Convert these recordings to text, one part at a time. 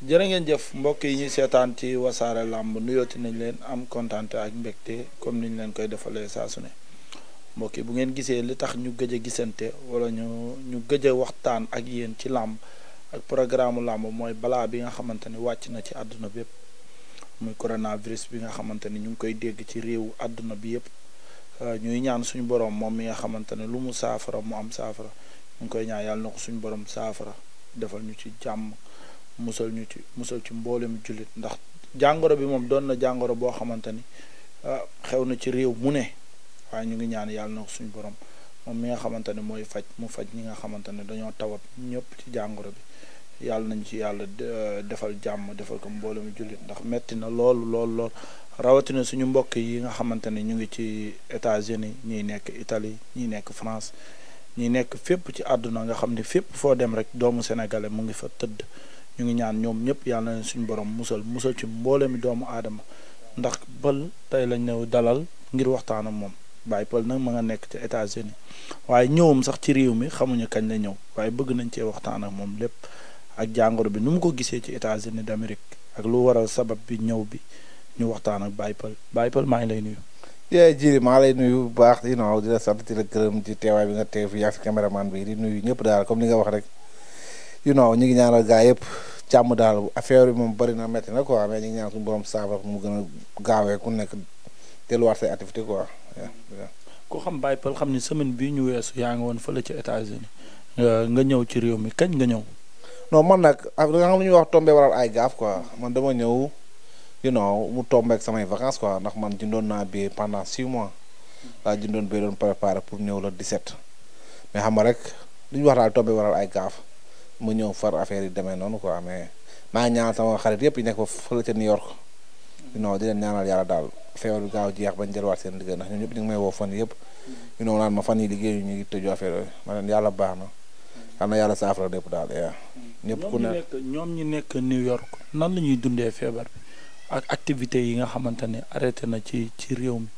jërë ngeen jëf mbokk yi ñuy seetaan ci wasaare làmb nuyooti nañ leen am kontaan ak mbégte comme niñ leen koy defalee saa su ne mbokk bu ngeen gisee li tax ñu gëj a gisante wala ñu ñu gëj a waxtaan ak yéen ci làmb ak programme làmb mooy balaa bi nga xamante ni wàcc na ci àdduna bi yëpp muy coronavirus bi nga xamante ni ñu ngi koy dégg ci réew àdduna bi yëpp euh, ñuy ñaan suñu borom moom mi nga xamante ne lu mu saafara mu am saafara ñu ngi koy ñaa yàlla na ko suñu borom saafara defal ñu ci jàmm. musal ñu ci musal ci mboolem jullit ndax jàngoro bi moom doon na jàngoro boo xamante ni ah, xew na ci réew mu ne waaye ñu ngi ñaan yàlla na suñu borom moom mi nga xamante ne mooy faj mu faj ñi nga xamante ne dañoo tawat ñëpp ci jàngoro bi yàlla nañ ci yàlla defal jàmm defal ko mboolem jullit ndax metti na lool lool rawatina suñu mbokk yi nga xamante ne ñu ngi ci États-Unis ñiy nekk itali ñiy nekk France ñi nekk fépp ci àdduna nga xam ne fépp foo dem rek doomu sénégalais mu ngi fa tëdd ñu ngi ñaan ñoom ñëpp yàlla na suñu borom musal musal ci mboole mi doomu aadama ndax pël tey lañ ñëw dalal ngir waxtaan ak moom Baye Pël nag ma nga nekk ci États-Unis waaye ñëwam sax ci réew mi xamuñu kañ la ñëw waaye bëgg nañ cee waxtaan ak moom lépp ak jàngoro bi nu mu ko gisee ci États-Unis d'Amérique ak lu waral sabab bi ñëw bi ñu waxtaan ak Baye Pël Baye Pël maa ngi lay nuyu. jërëjëf jiri maa lay nuyu bu baax di di la sant di la gërëm ci teewaay bi nga teew fii ak bi di nuyu ñëpp daal comme li nga wax rek. càmm daal affaire yi moom bëri na métti na quoi mais ñu ngi ñaan suñu borom saafara mu gën a gaawee ku nekk delluwaat say activité quoi. ku xam Baye Peul xam ni semaine bii ñu weesu yaa ngi woon fële ci États-Unis nga ñëw ci réew mi kañ nga ñëw. non man nag ak nga xam lu ñuy wax tombé waral ay gaaf quoi man dama ñëw you know mu tombé ak samay vacances quoi ndax man jëndoon naa bi pendant six mois laa jëndoon bay doon préparé pour ñëw la 17 mais xam nga rek lu ñu wax daal tombé waral ay gaaf. mu ñëw far affaire yi demee noonu quoi mais maa ngi ñaanal sama xarit yëpp yi nekk foofu fële ca New York non di leen ñaanal yàlla daal feebar bi gaaw jeex bañ jëlwaat seen liggéey ndax ñoom ñëpp ñu ngi may woo fan yëpp ñu noonu ma fan yi liggéey ñu ngi tëju ma leen yàlla baax na xam yàlla saafara lépp daal yaa ku ne ñoom ñi nekk New York nan la ñuy dundee feebar bi ak activité yi nga xamante ne arrêté na ci ci réew mi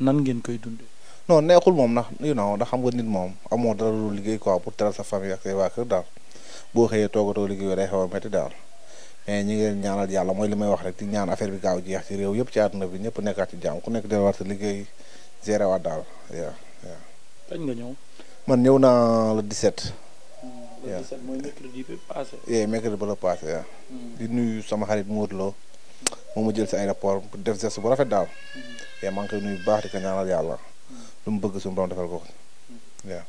nan ngeen koy dundee non neexul moom ndax you know ndax xam nga nit moom amoo dara lu liggéey quoi pour teral sa famille ak waa kër daal boo xëyee toogatoo liggéey day xaw a métti daal mais ñi ngi leen ñaanal yàlla mooy li may wax rek di ñaan affaire bi gaaw jeex ci réew yëpp ci àdduna bi ñëpp nekkaat ci jàmm ku nekk delluwaat sa liggéey géré waat daal waaw waaw. ñëw. man ñëw naa la 17. le 17 hmm, mooy ba la passé waaw. Hmm. di nuyu sama xarit mu Modou loo moom ma jël si aéroport def su bu rafet daal. Hmm. et maa ngi koy nuyu baax di ko ñaanal yàlla. lu mu bëgg suñu borom defal ko waaw.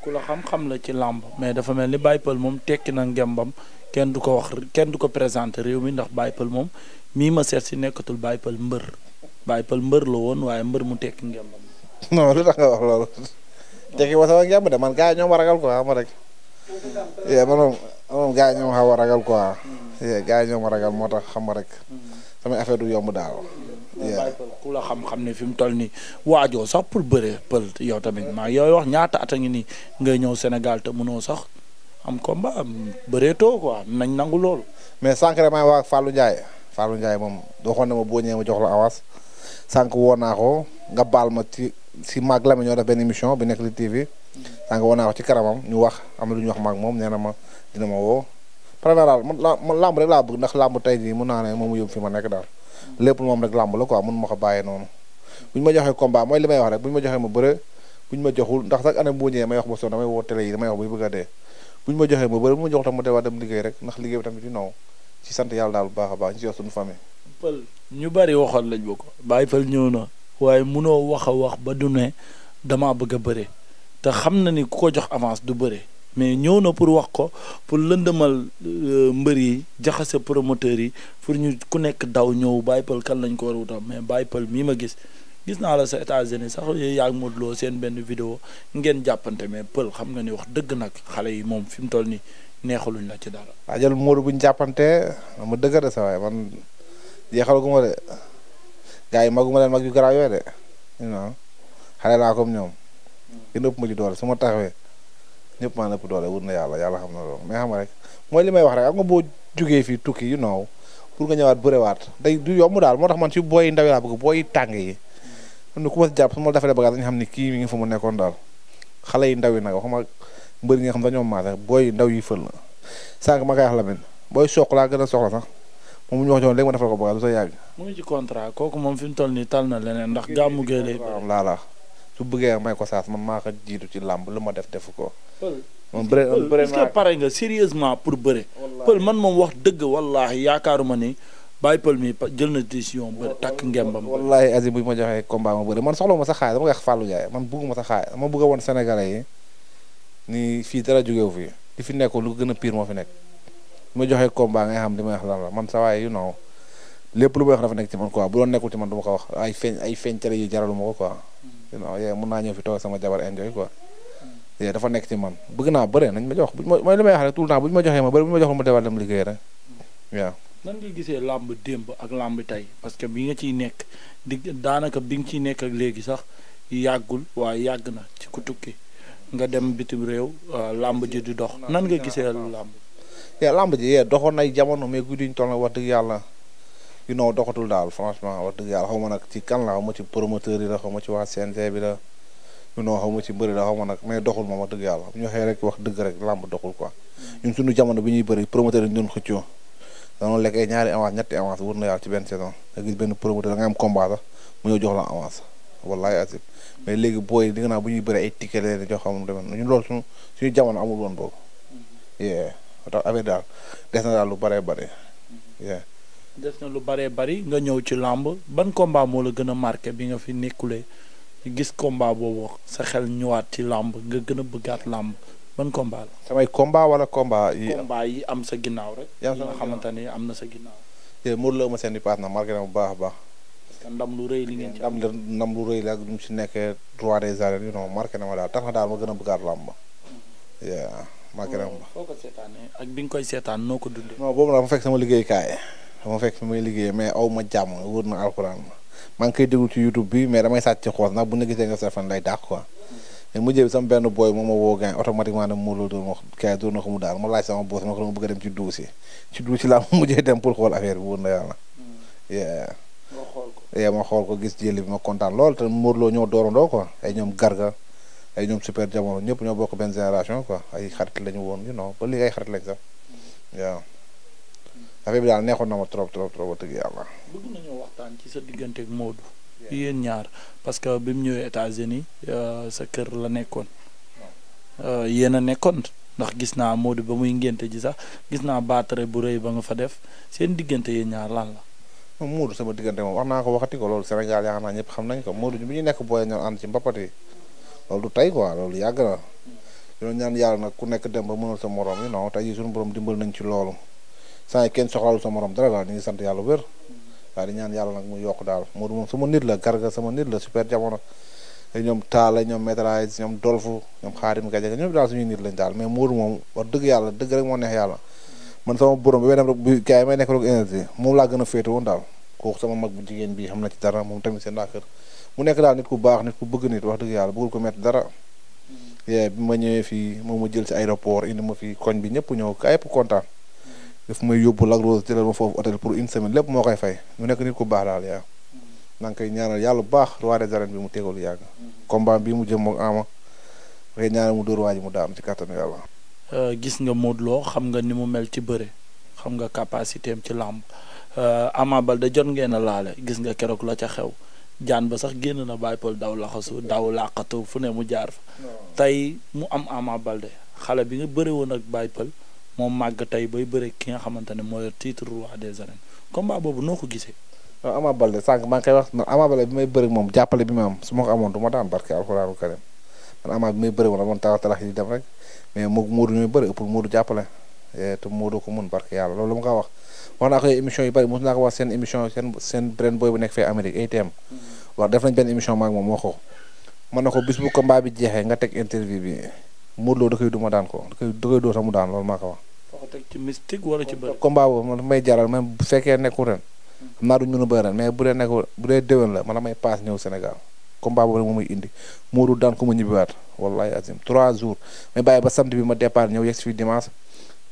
ku la xam xam la ci làmb mais dafa mel ni Baye Peul moom tekki na ngembam kenn du ko wax kenn du ko présenté réew mi ndax baypal Peul moom mii ma seet si nekkatul Baye Peul mbër Baye mbër la woon waaye mbër mu tekki ngembam. non lu tax nga wax loolu. tekki woo sama ngemb de man gaa yi ñoom a ragal ko xam rek. yee man moom moom gars yi ñoom a ragal moo tax xam rek. Mm-hmm. sama affaire du yomb daal. moo ku la xam-xam ne fi mu toll nii waajoo sax pour bëree pël yow tamit maa yooyu wax ñaata at ngi nii ngay ñëw Sénégal te mënoo sax am combat am bëreetoo quoi nañ nangu loolu. mais sànq rek maa ngi wax Fallou Ndiaye moom waxoon na ma boo ñëwee jox la avance sànq woo naa ko nga baal ma ci si mag la ma ñoo def benn émission bi nekk li TV sànq woo naa ko ci karamam ñu wax am lu wax maag moom nee na ma dina ma woo. par man làmb rek laa bëgg ndax làmb tey jii mun naa ne moom mu yóbbu fi ma nekk daal. lépp moom rek làmb la quoi mun ma ko bàyyee noonu bu ñu ma joxee combat mooy li may wax rek bu ñu ma joxee ma bëre bu ñu ma joxul ndax sax année bu ñëwee may wax ba woo télé yi damay wax ba a dee bu ñu ma joxee ma bëre bu ma jox tam ma dewaat dem liggéey rek ndax liggéey bi tamit yu sant yàlla bu baax a baax ñu si yor ñu bari waxoon lañ bokk bàyyi pël ñëw na waaye munoo wax a wax ba du ne damaa bëgg a bëre te xam na ni ku ko jox avance du bëre mais ñëw na pour wax ko pour lëndëmal euh, mbër yi jaxase promoteurs yi pour ñu ku nekk daw ñëw Baye Peul kan lañ ko war a wutal mais Baye Peul mii ma gis gis naa la sa États-Unis sax yaa ngi Modou Lo seen benn vidéo ngeen jàppante mais Peul xam nga ni wax dëgg nag xale yi moom fi mu toll nii neexaluñ la ci dara. waajal Modou bu ñu jàppante ma dëgg de sa man jeexal gu ma de gars yi maguma leen mag yu garaaw yooyu de non xale laa comme ñoom. gën ëpp ma ci doole su ma taxawee. ñëpp maa nëpp doole wut na yàlla yàlla xam na loolu mais xam nga rek mooy li may wax rek ak nga boo jugee fii tukki yu noow pour nga ñëwaat bërewaat day du yomb daal moo tax man ci booy ndaw yi xam ne ku ma si jàpp su ma defalee bagage dañu xam ne kii mi ngi fa mu yi ndaw yi nag waxuma mbër yi nga xam dañoo maase booy fël na sànq ma koy wax la men booy soq laa gën a soxla sax moom ñu wax joon léegi ma defal ko bagage du sa yàgg mu ngi ci contrat kooku moom fi mu toll nii tal na leneen ndax gàmmu gee lay laa la su bëggee may ko saas man maa jiitu ci làmb lu ma def defu ko moom bëre moom bëre pare nga sérieusement pour bëre. pël man moom wax dëgg wallaahi yaakaaruma ni bàyyi pël mi jël na décision bëre takk ngembam. wallaahi Aziz bu ma joxe combat ma bëre man soxla ma sa xaalis dama koy man bëgguma sa xaalis dama bëgg a woon Sénégalais yi ni fii dara fi li fi nekkoon lu gën a pire moo fi nekk bu ma joxee combat ngay xam li may wax lan la man sa waay you know lépp lu may wax dafa nekk ci man quoi bu doon nekkul ci man du ma ko wax ay feeñ ay feeñ cere yu jaraluma ko quoi mën naa ñëw fi toog sama jabar enjoy quoi yooyu eh, dafa nekk ci man bëgg naa bëre nañ ma jox mooy li may wax rek tout le temps buñ ma joxee ma bëri buñ ma joxul ma dem liggéey rek waaw. nan nga gisee làmb démb ak làmb tey parce que bi nga ciy nekk di daanaka bi nga ciy nekk léegi sax yàggul waaye yàgg na ci ku tukki nga dem bitim réew euh, làmb ji di dox nan nga gisee làmb. yaa làmb ji yee eh, doxoon ay jamono mais guddi ñu toll nag wax dëgg yàlla yu noo doxatul daal franchement wax dëgg yàlla xaw ma nag ci kan la ma ci promoteur yi la ma ci waa CNG bi la. non xaw ma ci bëri da ma nag mais doxul moom wax dëgg yàlla bu ñu waxee rek wax dëgg rek làmb doxul quoi ñun suñu jamono bi ñuy bëri promoteur dañu doon xëccoo dañoo lekk ay ñaari avance ñetti avance wër na yàlla ci benn saison nga gis benn promoteur da nga ñëw jox la avance wallahi asib mais léegi booy di bu ñuy bëri ay ticket leen jox xam demee ñun loolu suñu jamono amul woon boobu yee tax daal des na daal lu bëree bëri yee des na lu bëree bëri nga ci làmb ban combat moo la gën a marqué bi nga fi nekkulee gis combat boobu sa xel ñëwaat ci làmb nga gën a bëggaat làmb ban combat la. samay combat wala combat yi. combat yi am sa ginnaaw rek. yaa nga xamante ni am na sa ginnaaw. te eh, Modou Lo ma seen di paas na marqué na bu baax a baax. parce que ndam lu rëy li am ndam lu rëy la ak lu mu si nekkee roi des arènes yi non na ma daal tax na daal ma gën a bëggaat làmb. waaw marqué na ma. foo ko ak bi nga koy seetaan noo ko dundee. non boobu nag ma fekk sama liggéeykaay dama fekk fi may liggéey mais aw ma jàmm wër na alxuraan ma maa ngi koy ci YouTube bi mais damay sàcc ci xoos nag bu na gisee nga sa fan lay daax quoi mais mujjee bi sama benn booy moom ma woo gan automatiquement ne Modou Lo doon wax kay doon na ko mu daal ma laaj sama boos ma ko dama bëgg a dem ci duusi ma mujjee dem pour xool affaire bi wóor na yàlla hmm. ye ma xool ko gis jëli bi ma kontaan lool te Modou Lo ñoo doorandoo ko ay ñoom Garga ay ñoom super jamono ñëpp ñoo bokk benn génération quoi ay xarit lañu woon you know ba léegi ay xarit lañ sax hmm. affaire bi daal neexoon na ma trop trop trop wax dëgg yàlla. bëgg nañoo waxtaan ci sa digganteeg Modou. yéen ñaar parce que bi mu ñëwee États-Unis euh, sa kër la nekkoon. Euh, yéen a nekkoon ndax gis naa Modou ba muy ngénte ji sax gis naa baatare bu rëy ba nga fa def seen diggante yéen ñaar lan la. moom Modou sama diggante moom wax naa ko waxati ko loolu Sénégal yaakaar naa ñëpp xam nañ ko Modou bi ñu nekk booy ñoo ànd ci mbapat yi loolu du tey quoi loolu yàgg na. ñooñu ñaan ku nekk dem ba mënul sa morom yi non tey jii suñu borom dimbal nañ ci loolu. saa kenn soxlaalu sa morom dara daal ñu ngi sant yàlla wér waaw di ñaan yàlla nag mu yokk daal Modou moom sama nit la Garga sama nit la super jamono ñoom Talla ñoom Maîtrise ñoom Dolfu ñoom Xaadim Gajaga ñoom daal suñuy nit lañ daal mais Modou moom dëgg yàlla dëgg rek moo neex yàlla man sama borom bi may dem rek bi gars yi may nekk rek énergie moom laa gën a féete woon daal kooku sama mag bu jigéen bi xam na ci dara moom tamit seen kër mu nekk daal nit ku baax nit ku bëgg nit wax dëgg yàlla bëggul ko metti dara mm. bi ma ñëwee fii moom ma jël si aéroport indi ma fii koñ bi ñëpp ñëw ka yëpp daf may yóbbu Lac Rose jëlal ma foofu hôtel pour une semaine lépp moo koy fay mu nekk nit ku baax daal yaa maa koy ñaanal yàlla bu baax roi des arènes bi mu tegal yàgg. combat bi mu jëm ak Ama ngay ñaanal mu dóor waa ji mu daam ci kàttanu yàlla. Euh, gis nga Modou Lo xam nga ni mu mel ci bëre xam nga capacité am ci làmb euh, Ama Baldé jot ngeen a laale gis nga keroog la ca xew jaan ba sax génn na bàyyi pol daw laxasu daw làqatu fu ne mu jaar fa. tey mu am Ama Baldé xale bi nga bëre ak bàyyi moom màgg tey bay bëre ki nga xamante ne mooy titre roi des arènes combat boobu noo ko gisee. non ah, Ama Baldé sànq maa wax non Ama Baldé bi may bëre moom jàppale bi ma am su ma ko amoon ma daan barke alxuraanu karim man Ama bi may bëre moom amoon tax dem rek mais moom Modou ñuy bëre ëpp jàppale eh, te Modou ko mun barke yàlla loolu ma ko wax. wax naa ko émission yu wax seen émission seen seen beneen booy bu nekk fee Amérique ATM. Mm-hmm. wax def nañ benn émission moom moo ko. mën na ko bis bu combat bi jeexee nga teg interview bi. Modou Lo da koy duma daan ko da koy daan loolu maa ko wax. foo ko teg ci mystique wala may jaral même bu fekkee nekkul ren. xam hmm. ñu mën mais bu dee nekkul bu dee déwén la man ñëw Sénégal combat boobu rek moom muy indi Modou daan ko ma ñibbiwaat wallahi azim trois jours may bàyyi ba samedi bi ma départ ñëw yegg si fii dimanche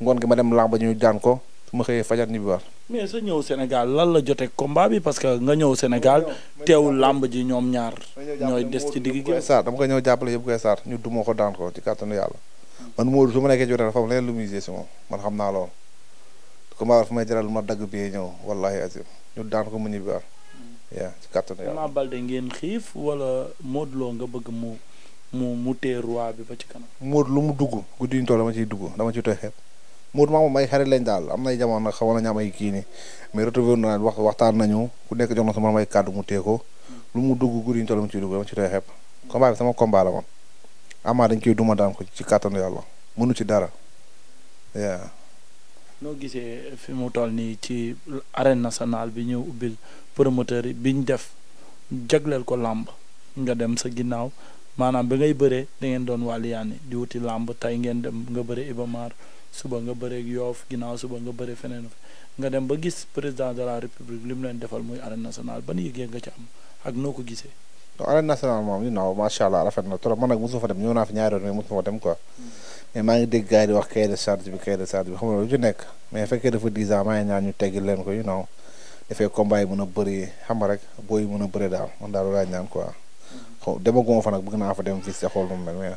ngoon gi ma dem ba ñu daan ko su ma xëyee fajar ñibbiwaat. mais sa ñëw Sénégal lan la jotee combat bi parce que nga ñëw Sénégal teewul làmb ji ñoom ñaar ñooy des ci digg gi saar dama koy ñëw jàppale yëpp koy saar ñu duma ko daan ko ci kàttanu yàlla man ma nekkee jotee dafa am leneen lu muy gisee si moom xam naa loolu combat fu may jaral ma dagg bi ñëw wallahi azim ñu daan ko mu ñibbiwaat yaa ci kàttanu yàlla Ama Baldé ngeen xiif wala Modou loo nga bëgg mu mu mu waa bi ba ci kanam Modou lu mu dugg guddi ñu toll ma ciy dugg dama ciy toy xeet Mour maa moom ay xarit lañ daal am nay jamono nag xawoon nañu am ay kii nii mais retrouvé na waxtaan nañu ku nekk jox na sama may kàddu mu téye ko lu mu dugg guddi ñu toll mu ciy dugg dama ci sama combat la man Ama dañ koy duma daan ko ci kàttanu yàlla mënu ci dara waaw. noo gisee fi mu toll nii ci arène nationale bi ñëw ubbil promoteur yi biñ def jagleel ko làmb nga dem sa ginnaaw maanaam ba ngay bëree da doon wàllu yaani di wuti làmb tey ngeen dem nga bëree Ibamar. suba nga bëreeg yoof ginnaaw suba nga bëre feneen nga dem ba gis président de la république li mu leen defal muy arène nationale ban yëg-yëg nga ci am ak noo ko gisee. non arène nationale moom you know macha allah rafet na trop man nag mosu fa dem ñëw naa fi dem quoi. Hmm. maa ngi dégg gars yi di wax cahier de charge bi cahier de charge nekk mais fekkee dafa 10 ans maa ngi ñaan ñu teggil leen ko you know dafay combat yi mën a bëri xam nga rek booy yi mën a bëri daal man daal loolu laa ñaan quoi. xaw demaguma fa nag bëgg naa fa dem visiter xool moom mel mais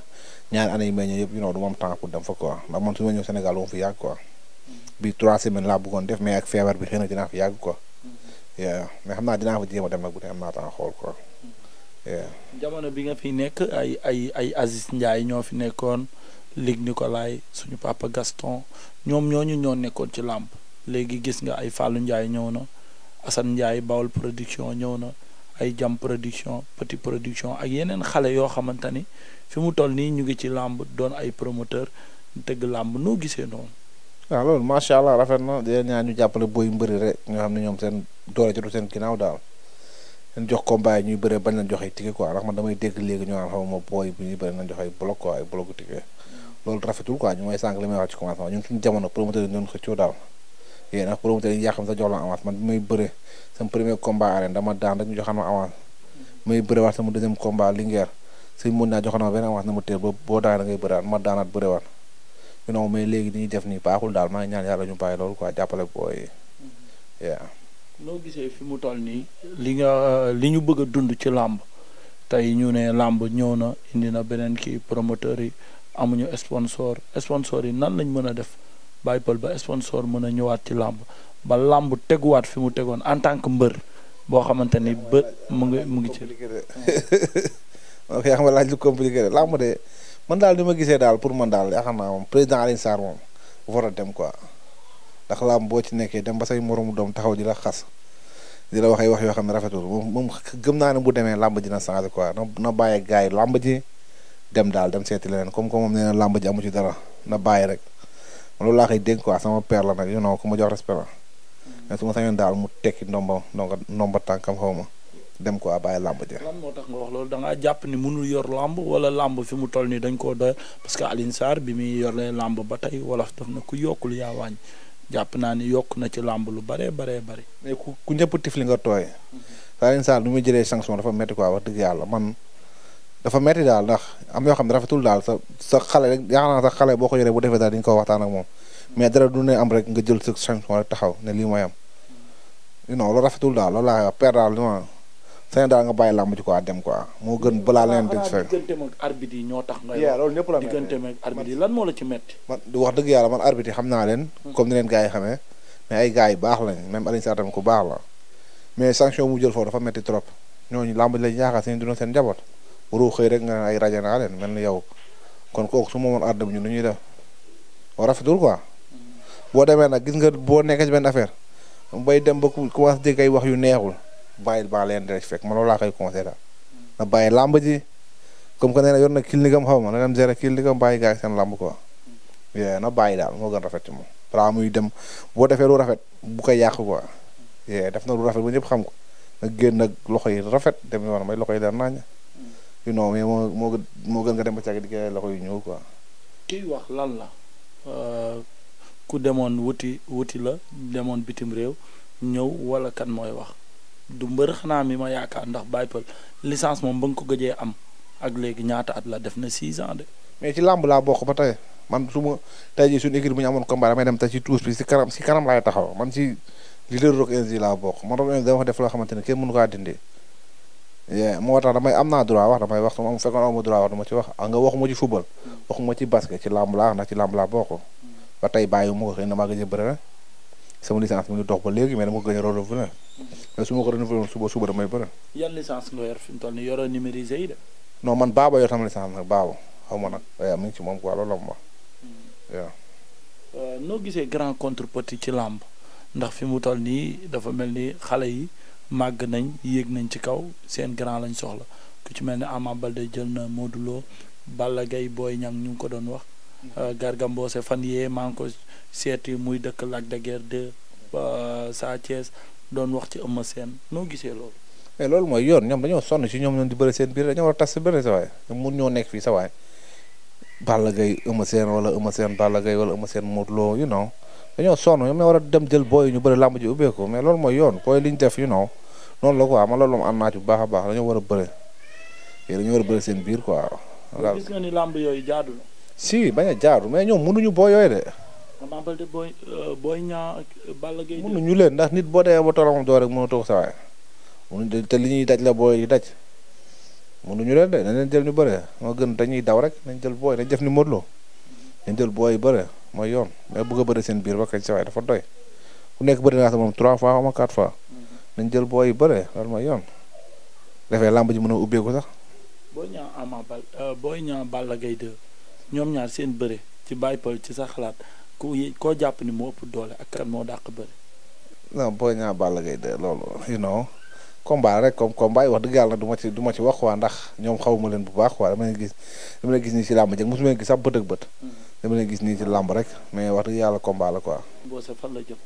ñaari année yi may ñëw yëpp you know du ma am temps pour dem fa su ma ñëw Sénégal moom fi yàgg quoi bi trois semaines laa bëggoon def mais ak feebar bi xëy na dinaa fi yàgg quoi yeah xam naa dinaa fa a dem nag bu dee bi nga fi nekk ay ay ay Aziz Ndiaye ñoo fi nekkoon Luc Nicolaï suñu papa Gaston ñoom ñooñu ñoo nekkoon ci làmp léegi gis nga ay Fallou Ndiaye ñëw na Assane Ndiaye Bawol production ñëw na ay jam production petit production ak yeneen xale yoo xamante ni fi mu toll nii ñu ngi ci làmb doon ay promoteur tëgg làmb noo gisee noonu. waaw ah, loolu macha allah rafet na di ñaan ñu jàppale booy mbëri rek ñoo xam ne ñoom seen doole jotu seen ginaaw daal. leen jox combat ñuy bëree bañ leen jox ay ticket quoi ndax man damay dégg léegi ñu naan xaw ma booy bu ñuy bëree nañ jox ay bloc quoi ay bloc ticket. Mm. loolu rafetul quoi ñu may sànq wax ci commencement yooyu nag promoteur yi yaa xam sax jox la avance man bi may bëre sama premier combat arène dama daan rek ñu joxoon ma avance may bëre waat sama deuxième combat naa joxoon ma benn avance na ma téer ba boo daan da ngay bëre waat ma daanaat bëre waat ñu non mais léegi dañuy def nii baaxul daal maa ngi ñaan ñu bàyyi loolu quoi jàppale booy mm-hmm. yeah fi mu toll nii li nga euh, li ñu bëgg a dund ci làmb tey ñu ne làmb ñëw na indi na beneen kii promoteur yi amuñu sponsor sponsor yi nan lañ mën a def bàyyi pël ba sponsor mën a ñëwaat ci làmb ba làmb teguwaat fi mu tegoon en tant que mbër boo xamante ni bë mu ngi mu ngi ci. ok yaa xam ne laaj lu compliqué làmb de man daal li ma gisee daal pour man daal yaa xam naa moom président Alioune Sarr moom war a dem quoi ndax làmb boo ci nekkee dem ba say moromu doom taxaw di la xas. di la wax ay wax yoo xam ne rafetul moom gëm naa ne bu demee làmb ji na changé quoi na na bàyyi gars yi làmb ji dem daal dem seeti leneen comme comme moom nee na làmb ji amu ci dara na bàyyi rek loolu laa koy dégg quoi sama père la nag you know ku ma jox respect la mais su ma sañoon daal mu tekki ndomba ndonga ndomba tànkam ma dem quoi bàyyi làmb ja lan moo tax nga wax loolu da jàpp ni mënul yor làmb wala làmb fi mu tol nii dañ koo doy parce que Alioune Sarr bi muy yorlee làmb ba tey wolof daf na ku yokkul yaa wàññ jàpp naa ni yokk na ci làmb lu bare bare bare mais ku ku ñëpp tif li nga tooy Alioune Sarr bi muy jëlee sanction dafa métti quoi wax dëgg yàlla man dafa metti daal ndax am yoo xam ne rafetul daal sa sa xale rek yaakaar xale boo ko yoree bu defee daal dañ nga ko waxtaan ak moom mais dara du ne am rek nga jël sa changement rek taxaw ne lii mooy am non rafetul daal loolu laa wax père daal li ma sëñ daal moo gën balaa leen di fekk digganteem ak ñoo tax nga loolu ñëpp la digganteem ak arbitre lan moo la ci metti man wax dëgg yàlla man arbitre yi xam naa leen hmm. comme ni leen gars yi xamee mais ay gars yi baax lañ même Alioune Sarr tamit ku baax la mais sanction mu jël foofu dafa metti trop ñooñu làmb lañ yaakaar seen dund seen njaboot waroo xëy rek nga ay rajo naa leen men ni yow kon kooku su ma mën àdduna bi nu ñuy def war rafetul quoi boo demee nag gis nga boo nekkee ci benn affaire bay dem ba commencé dégg ay wax yu neexul bàyyil baa leen di fek man loolu laa koy conseillé daal na bàyyi làmb ji comme que nee na yor na clinique am xaw ma na dem gérer clinique am bàyyi gars yi seen làmb quoi na bàyyi daal moo gën rafet ci moom balaa muy dem boo defee lu rafet bu ko yàq quoi def na lu rafet ba ñëpp xam ko nag génn nag loxo yi rafet dem yoonam may loxo yi leer nañ non mais moo moo gën moo gën nga dem ba càgg di koy loxo yu ñëw quoi. kiy wax lan la euh, ku demoon wuti wuti la demoon bitim réew ñëw wala kan mooy wax du mbër xanaa mi ma yaakaar ndax Baye Peul licence moom ba ko gëjee am ak léegi ñaata at la def na six ans de. mais ci làmb laa bokk ba tey man su ma tey jii suñu équipe bu ñu amoon dem tey ci tuus bi si kanam si kanam laay taxaw man si leader Rock Énergie laa bokk man Rock Énergie def loo xamante ne kenn mënu ko dindi. moo tax damay am naa droit wax damay wax sama fekkoon amu droit wax dama wax ah, nga waxuma ci football waxuma ci basket ci làmb laa ndax ci làmb laa bokk ba tey bàyyi ma ko xëy na maa gëj a bëri ngi dox léegi mais dama ko gëj a su ma ko renouveler suba suba damay bëri. yan licence nga yor fi mu toll nii yoroo numérisé yi de. non man baaba yor sama licence nag baaba xaw ma nag waaye am nañ ci moom quoi loolu la wax hmm. euh, noo gisee grand contre petit ci làmb ndax fi mu toll nii dafa mel ni xale yi. màgg nañ yéeg nañ ci kaw seen grand lañ soxla ku ci mel ne Ama Baldé jël na Modou Lo gay Gaye Boy ñu ngi ko doon wax mm-hmm. euh, Garga Mbossé fan yee maa ngi ko seeti muy dëkk Lac de Guiers 2 euh, Sa Thiès doon wax ci Eumeu Sène noo gisee loolu eh, mooy yoon ñoom dañoo sonn ñoom ñoom di a tas si bëri sa nekk fii sa waay Balla Gaye Eumeu Sène wala Eumeu Sène Balla Gaye dem jël booy ñu bëri làmb ji ubbeeku mais loolu mooy yoon booy li def you know noonu la quoi man loolu moom ànd naa ci bu baax a baax dañoo war a bëre yooyu dañoo war a seen biir quoi. waaw gis làmb yooyu jaadu si bañ a jaadu mais ñoom mënuñu boo yooyu de. Ama Baldé booy euh, booy ñaa ak euh, Balla Gaye mënuñu leen ndax nit boo demee ba tolloon doo rek mënatoo sa waay te li ñuy daj la booy yi daj mënuñu leen de nañ leen jël ñu bëre moo gën dañuy daw rek nañ jël booy dañ def ni Modou Lo dañ jël booy bëre mooy yoon mais bëgg a bëre seen biir ba kañ sa waay dafa doy ku nekk bëri naa sa moom trois fois xaw quatre fois. nañ jël boo yu bëre loolu mooy yoon defee làmb ji mën a ubbeeku sax. booy ñaa Ama Bal euh, booy ñaa Balla gay 2 ñoom ñaar seen bëre ci Baye Paul ci sax xalaat ku koo jàpp ni moo ëpp doole ak kan moo dàq bëre. non booy ñaa Balla Gaye 2 loolu you know combat rek comme combat yi wax dëgg yàlla nag du ma ci du ci wax waa ndax ñoom xawma leen bu baax quoi dama gis dama leen gis nii ci làmb jëg mosuma leen gis sax bët ak bët. Mm. gis nii ci làmb rek mais wax dëgg yàlla combat la quoi. Mbossé la jëm.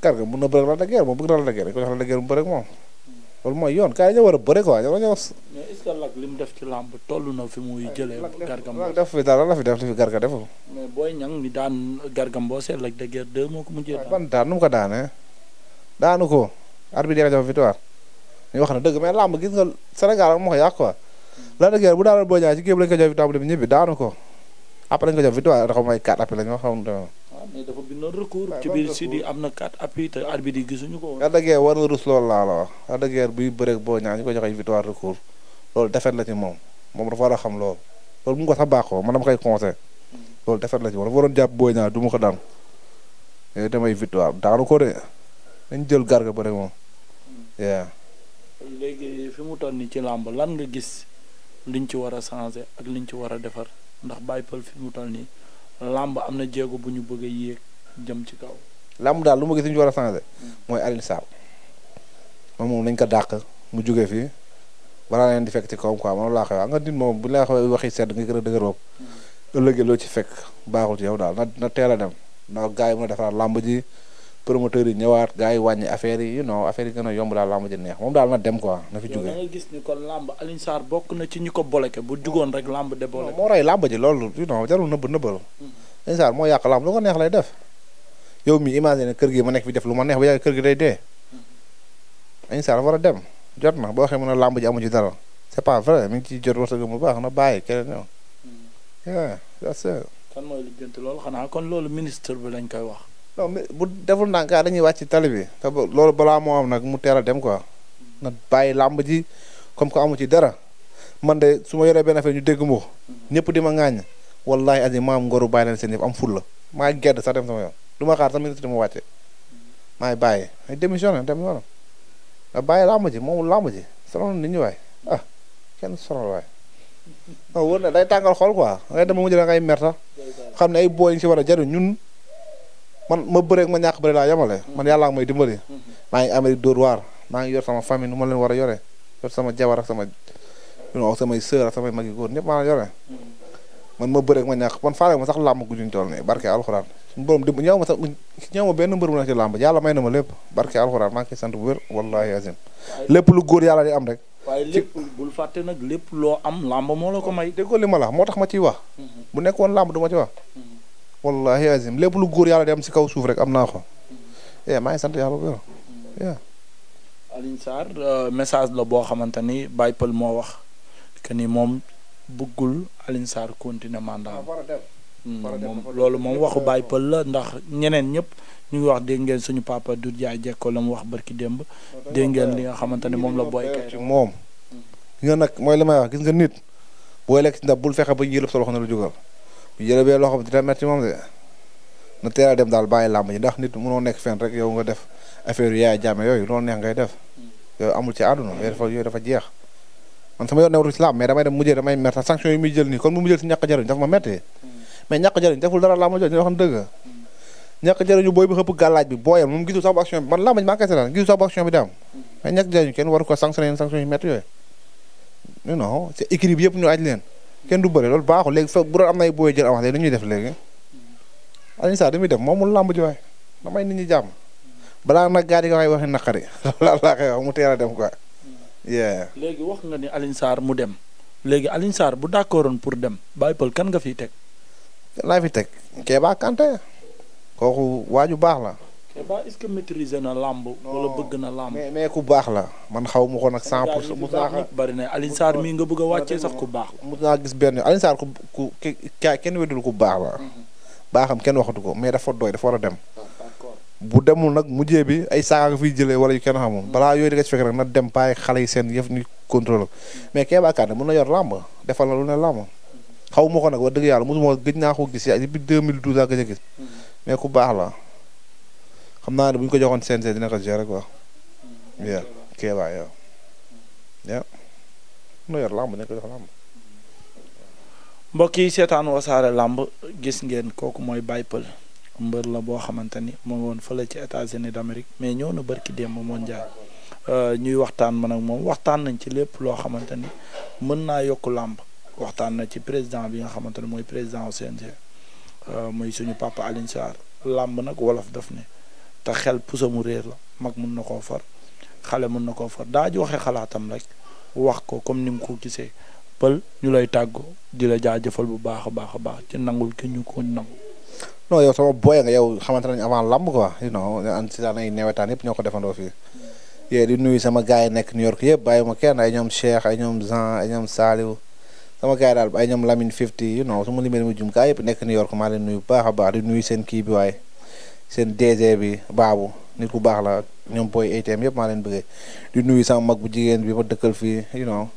Garga mun na bëre Lac de Guiers moom bëgg na Lac de mu bëre moom loolu mooy yoon kaay ñoo war a bëre quoi ñoo ñoo. mais li mu def ci làmb toll na fi muy jëlee. Garga Mbossé def fi dara la fi def li fi Garga deful. mais mi daan Garga Mbossé Lac de Guiers 2 moo ko mu daan. ban daan ko daanee daanu ko arbitre bi jox victoire ñu wax na dëgg mais làmb gis nga Sénégal moo ko yàq quoi. Lac de Guiers bu daanoo Boy Niang ci géew lañ ko jox victoire bu dem ko après lañ ko jox victoire dafa may mais dafa bindoon recours. ci biir Sidi am na quatre appui te arbitre yi gisuñu ko woon. Lac war na rus loolu laa la wax Lac de Guiers buy boo ñaa ñu ko joxe victoire recours loolu defet la ci moom moom dafa war a xam loolu loolu mu ngi ko sax baaxoo man dama kay conseil hmm. loolu defet la ci moom dafa waroon jàpp boo ñaa duma ko daan yooyu damay victoire daanu ko de dañ jël garga bëri moom. waaw. Hmm. léegi fi mu toll nii ci làmb lan nga gis liñ ci war a changé ak liñ ci war a defar ndax bàyyi pël fi mu toll nii. làmb am na jéego bu ñu bëgg a jëm ci kaw. làmb daal lu ma gis ñu war a changé. mooy Alioune Sarr. moom moom nañ ko dàq mu jógee fii balaa leen di fekk ci kawam laa koy wax nga nit moom bu laa koy waxi sedd nga gën a dëgër bopp. ëllëgee loo ci fekk baaxul ci yow na na teel a dem na gars yi mën a defaraat làmb ji promoteurs yi ñëwaat gars yi wàññi affaire yi you know affaire a yomb daal làmb ji daal na dem quoi na fi jógee da nga bokk na ci ñi ko boloke bu jugoon rek làmb de boloke moo rey làmb ji loolu you know jarul nëbb nëbbal hmm. Alioune Sarr moo yàq lamb lu ko neex lay def yow mi na kër gi ma nekk fi def lu ma neex ba yàgg kër gi day dee Alioune Sarr war a dem jot na boo xee mën a lamb ji amu ci dara c'est pas vrai mi ngi ciy jot wërsëg bu baax na bàyyi keneen hmm. kan mooy loolu xanaa kon loolu ministre bi lañ koy wax. bu deful ndànk dañuy wàcc ci tali bi te loolu balaa moo am nag mu teel a dem quoi na bàyyi làmb ji comme que amu ci dara man de su ma yoree benn affaire ñu dégg moo hmm. ñëpp di ma ŋaañ. wallahi aji ma am ngoru bàyyi leen seen yëf am la maa gedd sax dem sama yoon du ma xaar sax ministre ma wàcce maay bàyyi ay démissionné dem yoonam nga ji moom làmb ji sonal nit ñi waay ah kenn day tàngal xool quoi dem ba mujj da ngay xam ne ay booy yi si war a jaru ñun man ma bëreeg ma ñàkk bëri laa yemale. man yàlla may dimbali. maa ngi Amérique dóor waar maa ngi yor sama famille nu ma leen war a yore yor sama jabar ak sama non samay sœur ak samay mag yi góor ñëpp maa yore. man ma bëre ma ñàkk man faale ma sax làmb gu ñu toll nii barke alxuraan suñu borom di ñëw ma sax ñëw ma benn mbër mu ci làmb yàlla may na ma lépp barke alxuraan maa ngi koy sant bu wér wallahi mhm. mhm. azim lépp lu góor yàlla am la ko may déggoo li ma la moo tax ma ciy wax bu nekk woon làmb du ma ci wax wallahi azim lépp si kaw suuf rek am naa ko e maa sant yàlla euh, la boo xamante ni Baye Pël moo wax que moom bëggul Alioune Sarr continuer mandat ah, hmm, moom loolu moom waxu baay Pël la ndax ñeneen ñëpp ñu ngi wax dégg ngeen suñu papa du Diagne Diecko la mu wax barki démb ah, dégg ngeen li nga xamante ne moom la booy ci moom gis nga nag mooy li gis nga nit boo lekk ci ndab bul fexe ba yëlëb sa loxo na lu jógal bu yëlëbee loxo bi dina metti moom de na teel dem daal bàyyi làmb ji ndax nit mënoo nekk fenn rek yow nga def affaire yu yaay jaame yooyu loolu neex ngay def hmm. yooyu amul ci àdduna yooyu dafa yooyu jeex man sama yoon newatu ci làmb mais damay dem mujjee damay mer sanction yi muy jël nii kon mu mujjee ci ñàkk jariñ dafa ma mettee mais booy bi xëpp gàllaaj bi booyam mais ñàkk jariñu kenn waru ko sanctionné yeen sanction yëpp ñu aj leen kenn du bëre loolu baaxul léegi fa bu doon am nay booy jël avance léegi nu ñuy def léegi Alioune Sarr damuy def moomul ji waay damay nit ñi jàmm balaa nag gaa yi nga waxee waxi naqari loolu mu teel a dem quoi léegi wax nga ni Alioune Sarr mu dem léegi Alioune Sarr bu d'accordoon pour dem Baye Peul kan nga fiy teg. laa fi teg Kéba Kanté kooku waaju baax la. Kéba est na làmb. bëgg na làmb. mais mais ku baax la man xaw ma ko nag. 100 pour mu mos naa ko bari na Alioune Sarr mii nga bëgg a wàccee sax ku baax la. mos naa gis benn Alioune Sarr ku ku kenn weddul ku baax la. Mhm. baaxam kenn waxatu ko mais dafa doy dafa war a dem. Ah. bu demul nag mujjee bi ay saaka nga fiy jëlee wala yu kenn xamul balaa yooy da nga fekk rek na dem paay xale yi seen yëf ñu contrôle mais Keba Kandé mën na yor làmb defal la lu ne làmb xaw ma ko nag wax dëgg yàlla mosuma gëj naa ko gis depuis 2012 laa gëj a gis mais ku baax la naa ne bu ko joxoon CNG dina ko gérer quoi yeah Keba yow yeah mën na yi seetaan wasaare làmb gis ngeen kooku mooy Baye Peul mbër la boo xamante ni mu woon fële ci États-Unis d'Amérique mais ñoo na barki moon mondial euh, ñuy waxtaan ma ak moom waxtaan nañ ci lépp loo xamante ni mën naa yokk làmb waxtaan na ci président bi nga xamante ne mooy président CNG euh, muy suñu papa Alioune Sarr làmb nag wolof def ne te xel pusa mu réer la mag mun na koo far xale mun na koo far daa ji waxee xalaatam rek wax ko comme nim mu ko gisee pël ñu lay tàggoo di la jaajëfal bu baax a baax a baax ci ko nangu non yow sama yow xamante nañ avant lamb quoi you know an yëpp ñoo ko defandoo fii yee nuyu sama gars yi nekk New York yëpp bàyyi ma kenn ñoom Cheikh ay ñoom Jean ay ñoom Saliou sama gars daal ay ñoom Lamine 50 you know su ma limee mu jum gaa yëpp nekk New York maa leen nuyu baax a baax di nuyu seen kii bi waaye seen DG bi baabu nit ku baax la ñoom booy ATM yëpp maa leen bëggee di nuyu sama mag bu jigéen bi ma dëkkal fii you know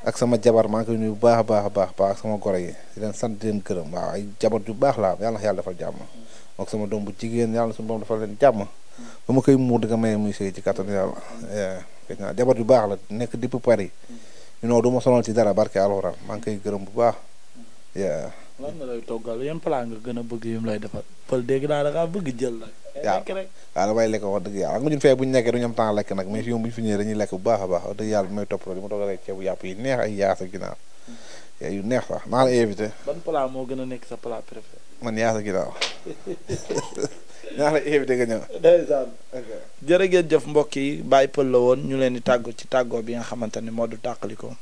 ak sama jabar maa ngi koy nuyu bu baax a baax a baax baax ak sama goro yi leen sant di leen gërëm waaw ay jabar ju baax laa yàlla yàlla defal jàmm ak sama doom bu jigéen yàlla suñu borom defal leen jàmm ba ma koy muur di ko maye muy sëy ci kattan yàlla fekk eh, naa jabar ju baax la nekk depuis Paris non du ma sonal ci dara barke alxuraan maa ngi koy gërëm bu baax lan nga lay toggal yan plat nga gën a bëgg yu mu lay defal pël dégg naa da ngaa bëgg jël nag. waaw waaw damay lekk wax dëgg yàlla xam bu ñu nekkee du ñu am temps lekk nag mais fii moom bu ñu lekk bu a baax wax dëgg yàlla bi may toppatoo di ma toggal rek ceebu yàpp yi neex ay yaasa ginaar yu neex sax naa la invité. ban plat moo gën a nekk sa palaa préféré. man yaasa ginaar ñaa la invité nga ñëw. jërë ngeen jëf mbokk yi bàyyi pël la woon ñu leen di tàggu ci tàggoo bi nga xamante ne moo du ko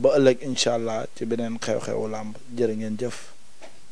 ba ëllëg incha allah ci beneen xew-xewu làmb jërë ngeen jëf